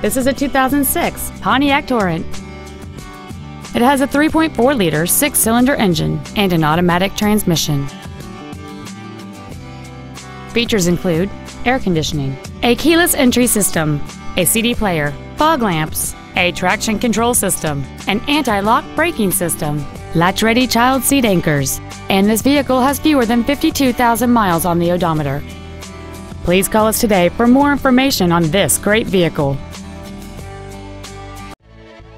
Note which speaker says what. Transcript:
Speaker 1: This is a 2006 Pontiac Torrent. It has a 3.4 liter six cylinder engine and an automatic transmission. Features include air conditioning, a keyless entry system, a CD player, fog lamps, a traction control system, an anti lock braking system, latch ready child seat anchors, and this vehicle has fewer than 52,000 miles on the odometer. Please call us today for more information on this great
Speaker 2: vehicle.